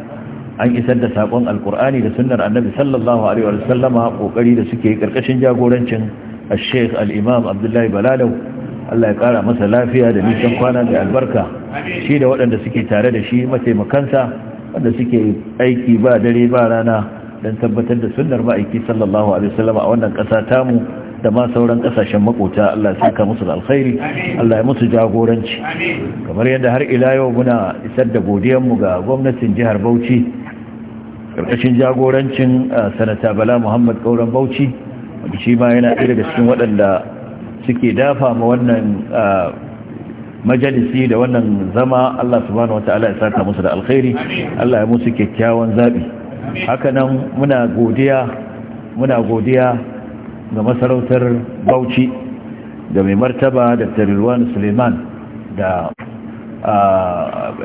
an isar da saƙon alƙur'ani da sunnar annabi sallallahu alaihi wa sallama da suke ƙarƙashin jagorancin al-sheikh al-imam abdullahi balalau Allah ya kara masa lafiya da nisan kwana da albarka shi da waɗanda suke tare da shi mataimakansa wanda suke aiki ba dare ba rana don tabbatar da sunnar ma'aiki sallallahu alaihi a wannan ƙasa tamu da ma sauran kasashen makota Allah ya saka musu da alkhairi Allah ya musu jagoranci kamar yadda har ila yau muna isar da godiyar mu ga gwamnatin jihar Bauchi karkashin jagorancin sanata Bala Muhammad Kauran Bauchi wanda shi ma yana ɗaya daga cikin waɗanda suke dafa ma wannan majalisi da wannan zama Allah subhanahu wataala ya saka musu da alkhairi Allah ya musu kyakkyawan zabi haka nan muna godiya muna godiya ga masarautar bauchi da mai martaba da tarirwan suleiman da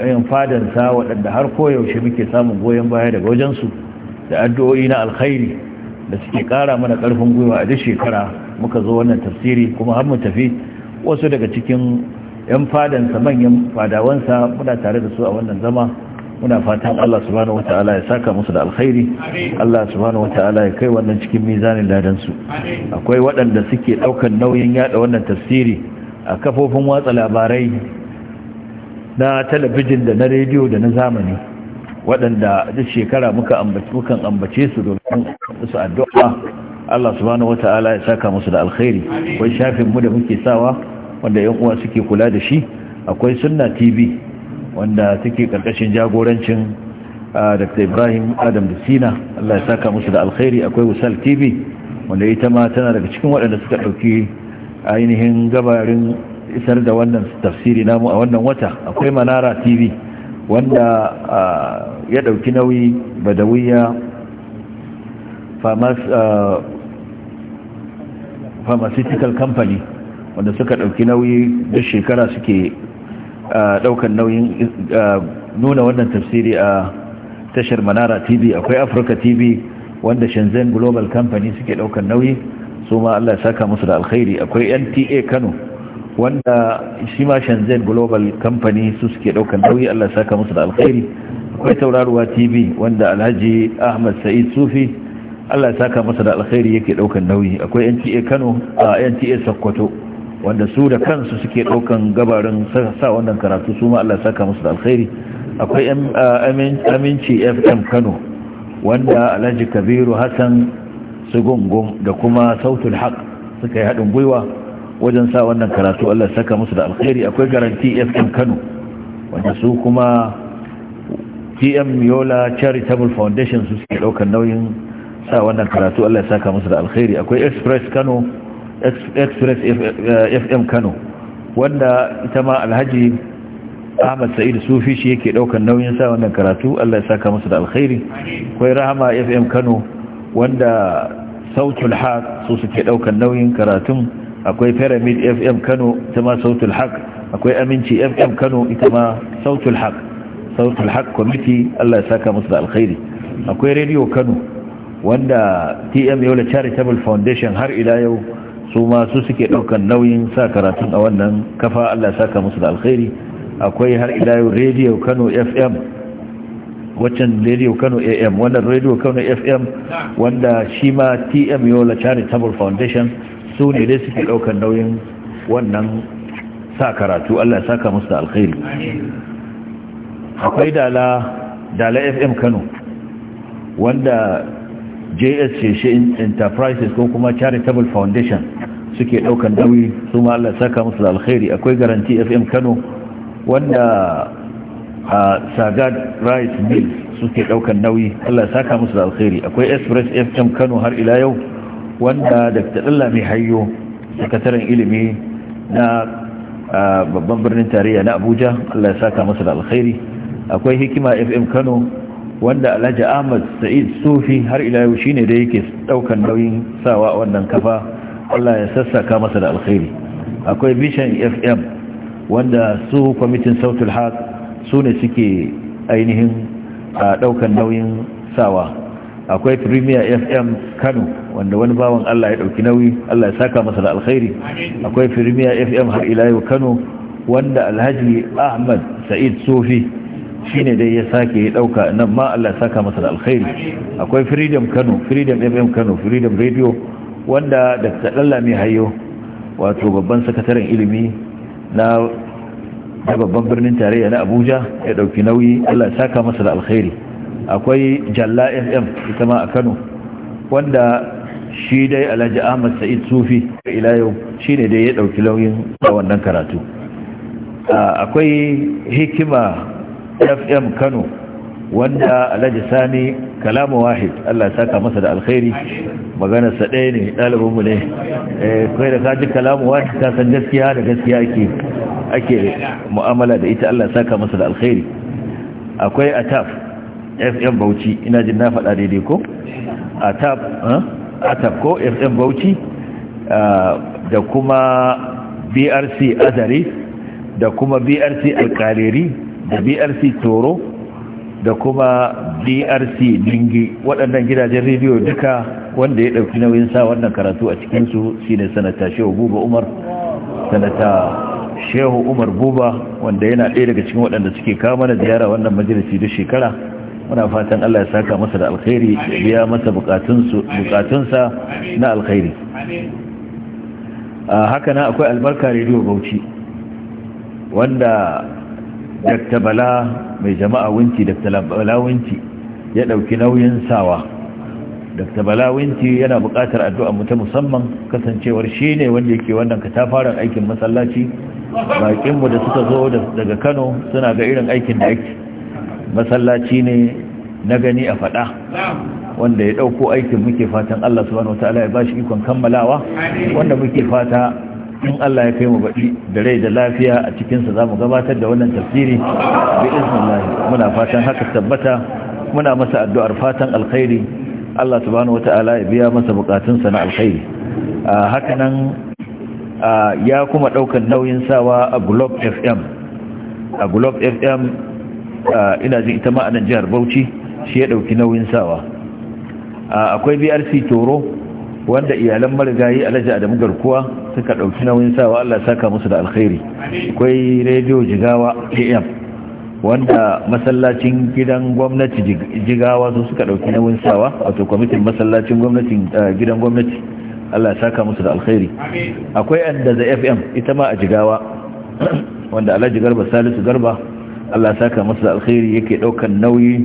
yan fadansa waɗanda har koyaushe muke samun goyon baya daga wajensu da addu'o'i na alkhairi da suke ƙara mana ƙarfin gwiwa a duk shekara muka zo wannan tafsiri kuma har mu tafi wasu daga cikin yan fadansa manyan fadawansa muna tare da su a wannan zama muna fatan Allah subhanahu wataala ya saka musu da alkhairi Allah subhanahu wataala ya kai wannan cikin mizanin ladan su akwai waɗanda suke ɗaukan nauyin yada wannan tafsiri a kafofin watsa labarai na talabijin da na rediyo da na zamani waɗanda duk shekara muka ambace mukan ambace su domin su addu'a Allah subhanahu wataala ya saka musu da alkhairi wai shafin mu da muke sawa wanda yan uwa suke kula da shi akwai sunna tv wanda suke karkashin jagorancin dr ibrahim adam da sina allah ya saka musu da alkhairi akwai wasal tv wanda ita ma tana daga cikin waɗanda suka ɗauki ainihin gabarin isar da wannan tafsiri namu a wannan wata akwai manara tv wanda ya ɗauki nauyi badawiya pharmaceutical company wanda suka ɗauki nauyi da shekara suke daukan nauyin nuna wannan tafsiri a tashar manara tv akwai africa tv wanda shenzhen global company suke daukan nauyi su ma allah saka musu da alkhairi akwai nta kano wanda shi ma shenzhen global company su suke daukan nauyi allah saka musu da alkhairi akwai tauraruwa tv wanda alhaji ahmad sa'id sufi allah saka musu da alkhairi yake daukan nauyi akwai nta kano a nta sokoto wanda su da kansu suke ɗaukan gabarin sa wannan karatu su ma Allah saka musu da alkhairi akwai aminci fm kano wanda alhaji kabiru hassan sugungun da kuma sautul haq suka yi haɗin gwiwa wajen sa wannan karatu Allah saka musu da alkhairi akwai garanti fm kano wanda su kuma tm yola charitable foundation su suke ɗaukan nauyin sa wannan karatu Allah saka musu da alkhairi akwai express kano express fm eh, kano wanda ita ma alhaji ahmad sa'id sufi shi yake daukan nauyin sa wannan karatu allah ya saka masa da alkhairi kwai rahama fm kano wanda sautul haq su suke daukan nauyin karatun akwai pyramid fm kano ita ma sautul haq akwai aminci fm kano ita ma sautul haq sautul haq committee allah ya saka masa da alkhairi akwai radio kano wanda tm yola charitable foundation har ila yau su ma su suke ɗaukar nauyin sa karatun a wannan kafa Allah saka musu da alkhairi akwai har ila yau radio Kano FM waccan radio Kano AM wannan radio Kano FM wanda shi ma TM Yola Charitable Foundation su ne dai suke ɗaukar nauyin wannan sa karatu Allah saka musu da alkhairi akwai dala dala FM Kano wanda JS Enterprises ko kuma Charitable Foundation suke daukan nauyi su ma Allah saka musu alkhairi akwai garanti FM Kano wanda a Sagad Rice Mill suke daukan nauyi Allah saka musu da alkhairi akwai Express FM Kano har ila yau wanda Dr. Allah mai hayyo sakataren ilimi na babban birnin tarayya na Abuja Allah saka musu alkhairi akwai Hikima FM Kano wanda Alhaji Ahmad Sa'id Sufi har ila yau shine da yake daukan nauyin sawa wannan kafa Allah ya sassaka masa da alkhairi akwai vision fm wanda su kwamitin sautul haq su ne suke ainihin a daukan nauyin sawa akwai premier fm kano wanda wani bawan Allah ya dauki nauyi Allah ya saka masa da alkhairi akwai premier fm har ila yau kano wanda alhaji ahmad sa'id sufi shine dai ya sake ya dauka nan ma Allah ya saka masa da alkhairi akwai freedom kano freedom fm kano freedom radio wanda dr mai hayo wato babban sakataren ilimi na babban birnin tarayya na abuja ya ɗauki nauyi allah saka masa da alkhairi akwai jalla fm ita ma a kano wanda shi dai alhaji ahmad sa'id sufi ila yau shine ne dai ya ɗauki nauyin a wannan karatu akwai hikima fm kano wanda alhaji sani kalamu wahid Allah ya saka masa da alkhairi magana sa ɗaya ne ɗalibin mu ne eh kai da kaji kalamu wahid ka san gaskiya da gaskiya ake ake mu'amala da ita Allah ya saka masa da alkhairi akwai ataf fm bauchi ina jin na faɗa daidai ko ataf ataf ko fm bauchi ah, da kuma brc Azari, da kuma brc alkaleri da brc toro da kuma drc dingi waɗannan gidajen rediyo duka wanda ya ɗauki nauyin sa wannan karatu a cikinsu shi ne sanata shehu buba umar sanata shehu umar buba wanda yana ɗaya daga cikin waɗanda suke kama mana ziyara wannan majalisi duk shekara muna fatan allah ya saka masa da alkhairi ya biya masa bukatunsa na alkhairi haka na akwai albarka rediyo bauchi wanda dakta bala mai jama'a winci dakta bala winci ya ɗauki nauyin sawa dakta bala winci yana buƙatar addu'a mu ta musamman kasancewar shi ne wanda yake wannan katafaren aikin masallaci baƙinmu da suka zo daga kano suna ga irin aikin da yake masallaci ne na gani a faɗa wanda ya ɗauko aikin muke fatan allah subhanahu wataala ya ba shi ikon kammalawa wanda muke fata in Allah ya kai mu baɗi da rai da lafiya a cikinsa za mu gabatar da wannan tafsiri bi iznillah muna fatan haka tabbata muna masa addu'ar fatan alkhairi Allah subhanahu wata'ala ya biya masa bukatunsa na alkhairi haka nan ya kuma ɗaukar nauyin sawa a globe fm a globe fm ina jin ita ma'anar jihar bauchi shi ya ɗauki nauyin sawa akwai brc toro wanda iyalan marigayi alhaji adamu garkuwa suka ɗauki nauyin sawa Allah saka musu da alkhairi akwai rediyo jigawa am wanda masallacin gidan gwamnati jigawa su suka ɗauki nauyin sawa wato kwamitin masallacin gwamnatin eh, gidan gwamnati Allah saka musu da alkhairi akwai anda za fm ita ma a jigawa (clears throat) wanda alhaji garba salisu garba Allah saka musu da alkhairi yake ɗaukan nauyi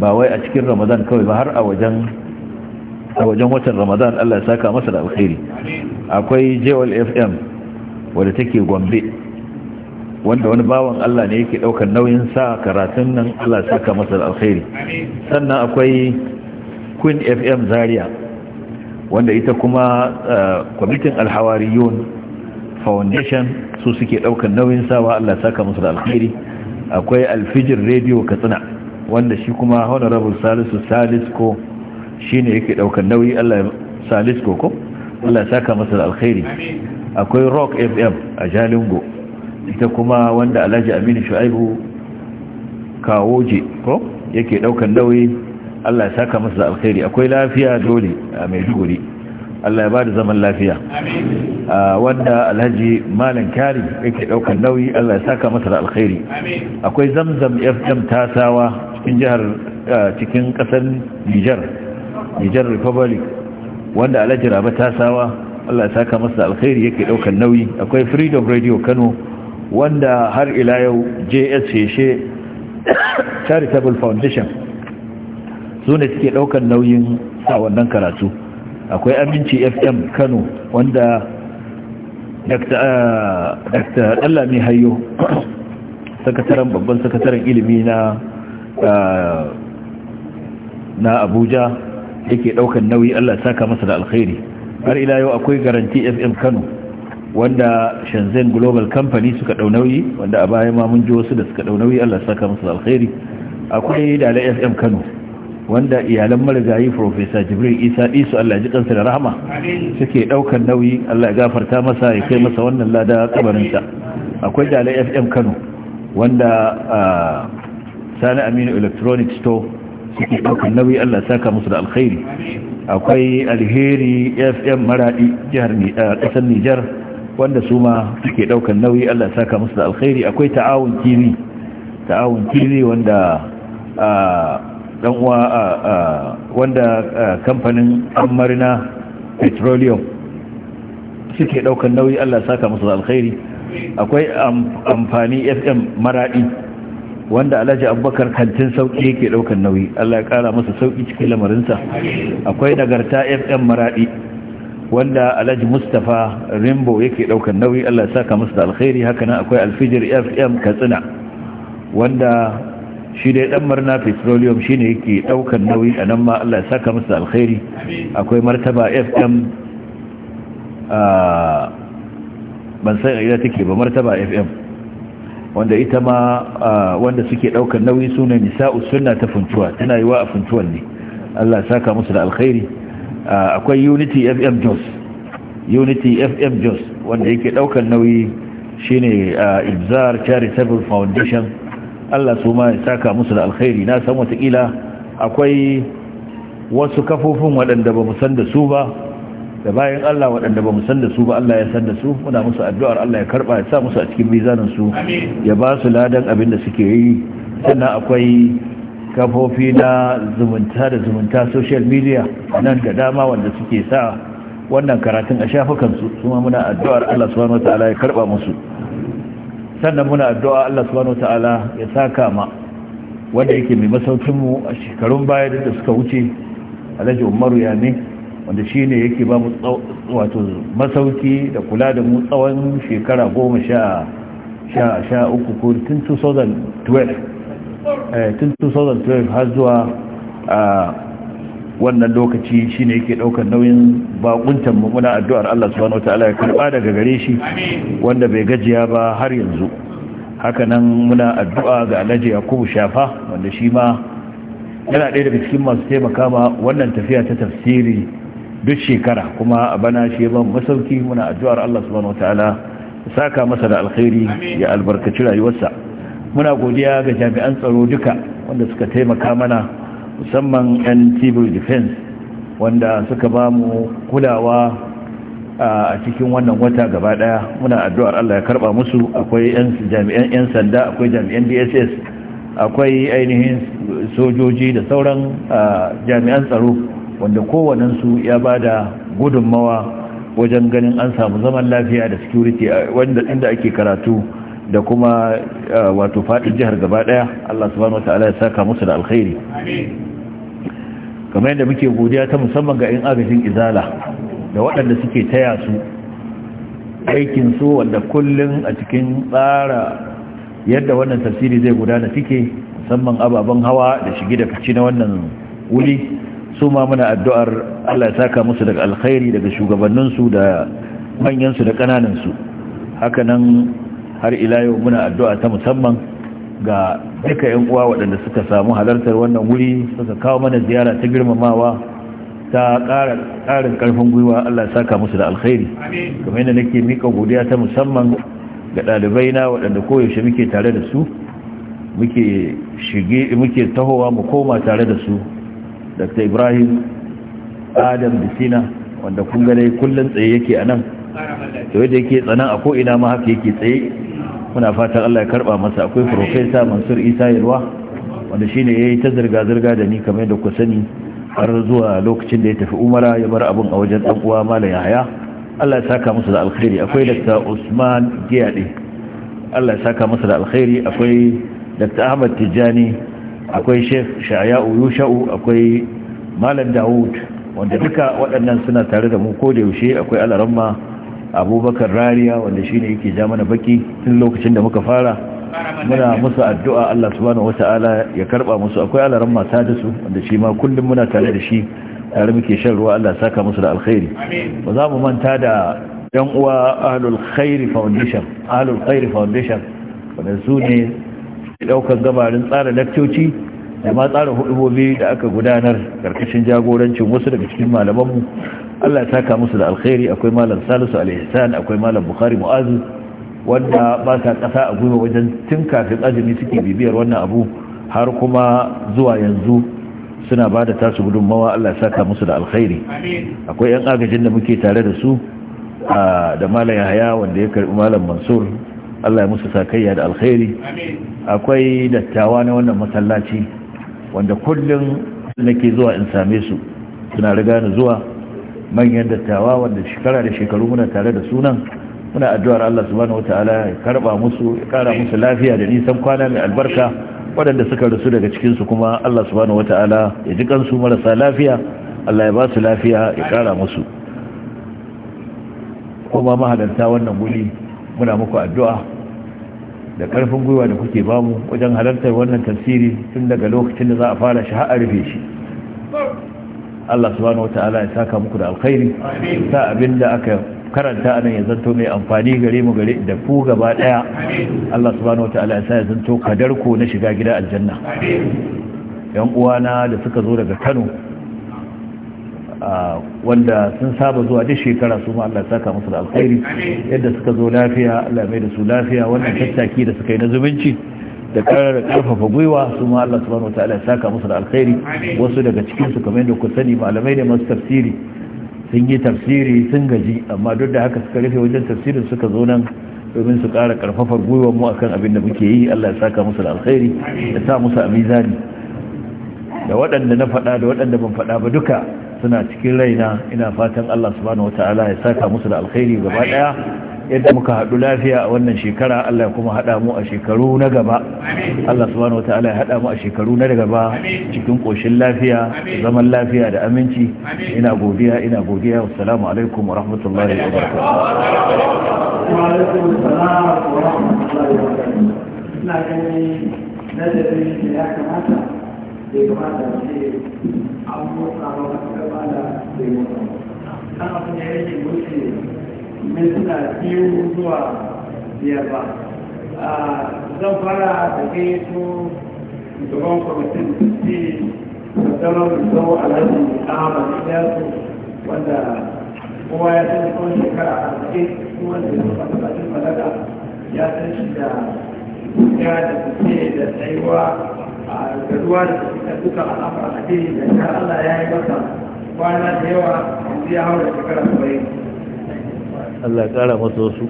ba wai a cikin ramadan kawai ba har a wajen a wajen watan ramadan Allah ya saka masa da alkhairi akwai jewel fm wadda take gombe wanda wani bawan allah ne yake daukar nauyin sa karatun nan allah saka masa alkhairi sannan akwai queen fm zaria wanda ita kuma eh, kwamitin alhawariyun foundation su suke daukar nauyin sawa allah saka masa alkhairi akwai alfijir radio katsina wanda shi kuma honorable salisu salisko shine yake daukar nauyi allah salisko ko Allah ya saka masa alkhairi akwai rock fm a jalingo ita kuma wanda alhaji aminu shu'aibu kawoje ko yake daukan nauyi Allah ya saka masa alkhairi akwai lafiya dole a maiduguri Allah ya bada zaman lafiya wanda alhaji malam kari yake daukan nauyi Allah ya saka masa alkhairi akwai zamzam fm tasawa cikin jihar cikin kasar Niger Niger Republic wanda alhaji raba sawa Allah ya saka masa alkhairi yake daukan nauyi akwai freedom radio kano wanda har ila yau js heshe charitable foundation su suke daukan nauyin sa wannan karatu akwai aminci fm kano wanda dr dallami hayo sakataren babban sakataren ilimi na uh, abuja yake daukan nauyi Allah saka masa da alkhairi har ila yau akwai garanti FM Kano wanda Shenzhen Global Company suka dau nauyi wanda a baya ma mun ji wasu da suka dau nauyi Allah saka masa da alkhairi akwai Dala FM Kano wanda iyalan marigayi Professor Jibril Isa Isu Allah ji kansa da rahama suke daukan nauyi Allah ya gafarta masa ya kai masa wannan lada kabarinsa akwai Dala FM Kano wanda ah, Sani Aminu Electronic Store suke ɗaukar nauyi Allah saka musu da alkhairi akwai alheri fm maradi jihar ƙasar nijar wanda su ma suke ɗaukar nauyi Allah saka musu da alkhairi akwai ta'awun tv ta'awun tv wanda dan uwa wanda kamfanin amarina petroleum suke ɗaukar nauyi Allah saka musu da alkhairi akwai amfani fm maradi wanda alhaji abubakar kantin sauki yake daukan nauyi Allah ya kara masa sauki cikin lamarinsa akwai nagarta fm maradi wanda alhaji mustapha rimbo yake daukan nauyi Allah ya saka masa da alkhairi haka nan akwai alfijir fm katsina wanda shi dai dan marna petroleum shine yake daukan nauyi nan ma Allah ya saka masa da alkhairi akwai martaba fm ah, ban san ina take ba martaba fm wanda ita ma wanda suke daukar nauyi sunan nisa'u sunna ta funtuwa tana yiwa a funtuwan ne Allah saka musu da alkhairi akwai unity fm jos unity fm jos wanda yake daukar nauyi shine ibzar charitable foundation Allah su ma saka musu da alkhairi na san watakila akwai wasu kafofin waɗanda ba mu san da su ba da bayan Allah waɗanda ba san da su ba Allah ya san da su muna musu addu'ar Allah ya karɓa ya sa musu a cikin mizanin ya ba su ladan abin da suke yi sannan akwai kafofi na zumunta da zumunta social media nan da dama wanda suke sa wannan karatun a shafukansu kuma muna addu'ar Allah ta'ala ya karɓa musu sannan muna addu'a Allah ta'ala ya sa kama wanda yake mai masaukinmu a shekarun baya da suka wuce alhaji umaru ya ne wanda shi ne yake ba mu wato masauki da kula da mu tsawon shekara goma sha uku ko tun 2012 eh, tun 2012 har zuwa a wannan lokaci shi ne yake daukar nauyin bakuntan mummuna addu'ar Allah wani wataala ya karba daga gare shi wanda bai gajiya ba har yanzu hakanan muna addu'a ga Alhaji Yakubu Shafa wanda shi ma yana ɗaya daga cikin masu taimaka ma wannan tafiya ta tafsiri duk shekara kuma a bana shi ban masauki muna addu'ar Allah subhanahu wataala saka masa da alkhairi ya albarkaci rayuwarsa muna godiya ga jami'an tsaro duka wanda suka taimaka mana musamman 'yan civil defense wanda suka ba mu kulawa a cikin wannan wata gaba daya muna addu'ar Allah ya karba musu akwai jami'an 'yan sanda akwai jami'an dss akwai ainihin sojoji da sauran jami'an tsaro wanda su ya ba da gudunmawa wajen ganin an samu zaman lafiya da security wanda inda ake karatu da kuma wato faɗin jihar gaba ɗaya Allah subhanahu wata'ala ya saka musu da alkhairi kamar yadda muke godiya ta musamman ga 'yan agajin izala da waɗanda suke taya su aikin su wanda kullum a cikin tsara yadda wannan tafsiri zai gudana suke musamman ababen hawa da shige da fice na wannan wuli su ma muna addu'ar Allah ya saka musu daga alkhairi daga shugabannin su da manyansu da ƙananansu haka nan har ila yau muna addu'a ta musamman ga duka ‘yan uwa waɗanda suka samu halartar wannan wuri suka kawo mana ziyara ta girmamawa ta ƙarin ƙarfin gwiwa Allah ya saka musu da alkhairi kuma yadda nake mika godiya ta musamman ga ɗalibai na waɗanda koyaushe muke tare da su muke shige muke tahowa mu koma tare da su dr ibrahim adam bisina wanda kun gane kullum tsaye yake a nan da wadda yake tsanan a ko'ina ma haka yake tsaye muna fatan allah ya karba masa akwai profesa mansur isa yalwa wanda shine ya yi ta zirga-zirga da ni kamar da ku sani har zuwa lokacin da ya tafi umara ya bar abin a wajen ɗan uwa malam yahaya allah ya saka musu da alkhairi akwai dr usman giyade allah ya saka musu da alkhairi akwai dr ahmad tijjani akwai sheikh sha'ya'u yusha'u akwai malam dawud wanda duka waɗannan suna tare da mu ko da yaushe akwai alaramma abubakar rariya wanda ne yake ja mana baki tun lokacin da muka fara muna musu addu'a Allah subhanahu wata'ala ya karba musu akwai alaramma ta da su wanda shi ma kullum muna tare da shi tare muke shan ruwa Allah saka musu da alkhairi ba za mu manta da yan uwa ahlul khairi foundation ahlul khairi foundation wanda su ne daukar gabarin tsara lakcoci da ma tsara hudubobi da aka gudanar karkashin jagorancin wasu daga cikin malamanmu Allah ya taka musu da alkhairi akwai malam Salisu al akwai malam bukari Mu'azu wanda ba sa kasa a gwiwa wajen tun kafin azumi suke bibiyar wannan abu har kuma zuwa yanzu suna ba da tasu gudunmawa Allah ya saka musu da alkhairi akwai yan agajin da muke tare da su da malam Yahaya wanda ya karbi malam Mansur Allah ya musu sakayya da alkhairi akwai dattawa na wannan masallaci wanda kullum nake zuwa in same su suna riga ni zuwa manyan dattawa wanda shekara da shekaru muna tare da sunan muna addu'ar Allah subhanahu wataala ya karba musu ya kara musu lafiya da nisan kwana mai albarka waɗanda suka rasu daga cikin su kuma Allah subhanahu wataala ya ji kansu marasa lafiya Allah ya ba su lafiya ya kara musu kuma mahalarta wannan wuri muna muku addu'a da karfin gwiwa da kuke bamu wajen halartar wannan tafsiri tun daga lokacin da za a fara shi har rufe shi Allah subhanahu wata'ala ya saka muku da alkhairi sa abinda aka karanta anan ya zanto mai amfani gare mu gare da ku gaba daya Allah subhanahu wata'ala ya sa ya zanto kadarko na shiga gida aljanna yan uwana da suka zo daga Kano wanda sun saba zuwa duk shekara su ma Allah ya saka musu da alkhairi yadda suka zo lafiya Allah mai da su lafiya wannan tattaki da suka yi na zumunci da karar karfafa gwiwa su ma Allah subhanahu wataala ya saka musu da alkhairi wasu daga cikin su kamar yadda ku sani malamai ne masu tafsiri sun yi tafsiri sun gaji amma duk da haka suka rufe wajen tafsirin suka zo nan domin su kara ƙarfafar gwiwa mu akan abin da muke yi Allah ya saka musu da alkhairi ya sa musu a mizani da waɗanda na faɗa da waɗanda ban faɗa ba duka suna cikin raina ina fatan Allah subhanahu wataala ya saka musu da alkhairi gaba ɗaya yadda muka haɗu lafiya a wannan shekara Allah kuma haɗa mu a shekaru na gaba Allah subhanahu wataala ya haɗa mu a shekaru na gaba cikin ƙoshin lafiya zaman lafiya da aminci ina godiya ina godiya wassalamu alaikum wa rahmatullahi wa barakatuh ina ganin na da ya kamata bai kamata an gaba da bai motsa ba kan mintuna biyu zuwa biyar ba zan fara da gaito gaban kwamitin ce tattalar sau alhaji ahmad iyasu wanda kowa ya san tsawon shekara a cikin kuma da ya fata bakin ya san shi da ya da fice da tsayuwa gaduwa da duka al'afar a ce da har Allah ya yi masa kwana da yawa yanzu ya haura shekara saba'in Allah ya kara masa wasu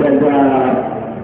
daga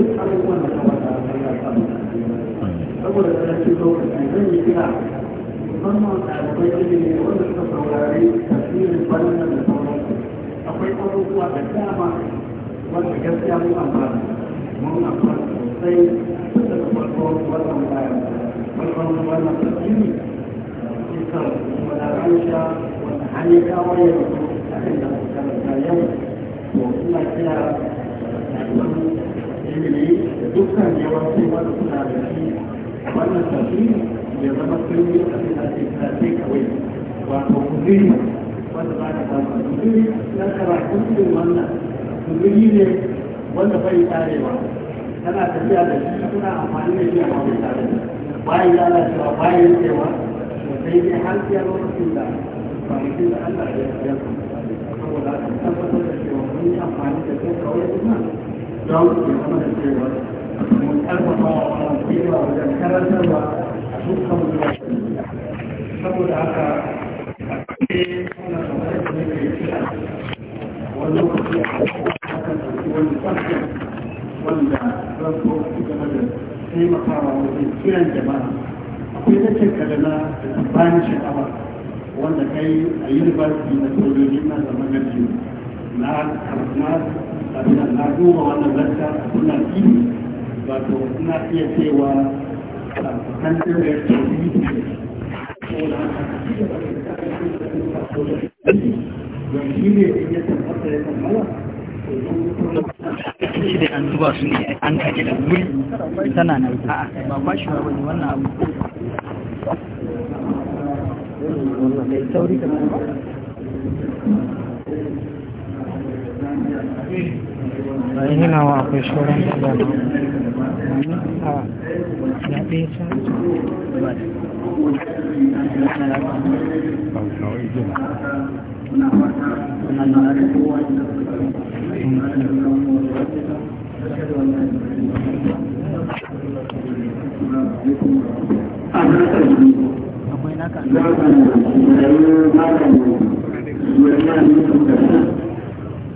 duk abubuwan da kama da ya samu saboda da shi lokaci zan yi kira musamman ɗalibai ilimi wanda suka saurari tasirin fannin da sauransu akwai abubuwa da dama wanda gaskiya mun amfani mun amfani sosai tun daga farko wannan bayan farkon wannan tasiri iskar kuma da ransha wanda hanyar kawo ya rubu a kan da yau to ina kira ilimi da dukkan yawancin wani suna da shi wannan tafi ya zama sun yi a cikin ake kira take wato kuzuri wanda ba ka samu kuzuri na karatun irin wannan kuzuri ne wanda bai tarewa tana tafiya da shi suna amfani da shi a mafi tare bayan lalacewa bayan cewa sai dai har sai lokacin da kwanakin da Allah ya yi saboda tabbatar da cewa mun yi amfani da kai kawai don su zama da cewa mun karfafa wa wannan cewa wajen a dukkan saboda haka a da ne ke yi wani lokaci a wani wanda zan so su da taimakawa wajen kiran jama'a akwai na shekara da sha'awa wanda kai a yi na sojojin na na karnar na duba wannan lakta a kuna ki wato ina iya cewa kan ɗin da ya ce da an zuba su ne an kaji da wuri tana na a ba ba shi ba ne wannan abu mai sauri kamar ba yana wa akwai shoron da ba a yaɗe ta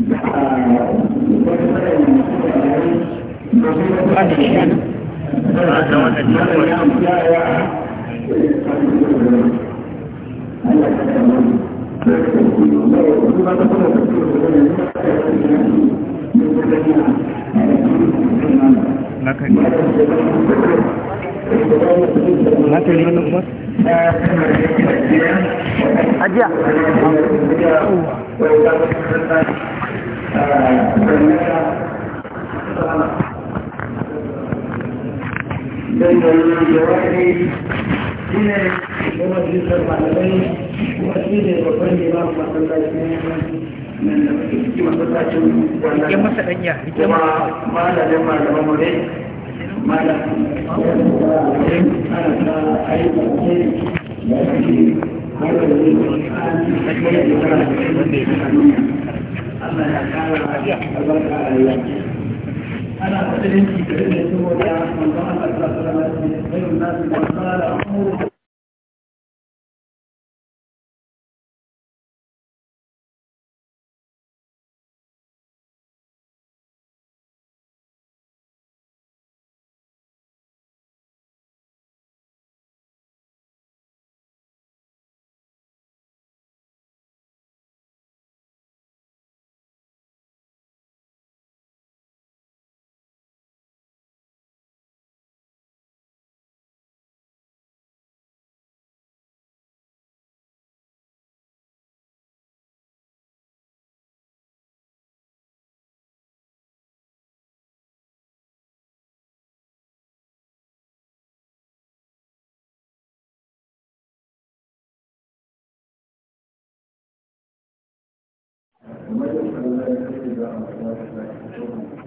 Gracias. ajiya ya masa danya ya malamin malamin ta أنا أتكلم في كلمة سوريا من ضمن الأسرة التي غير الناس وقال أمور kamar yadda Allah ya kasance da amfani da shi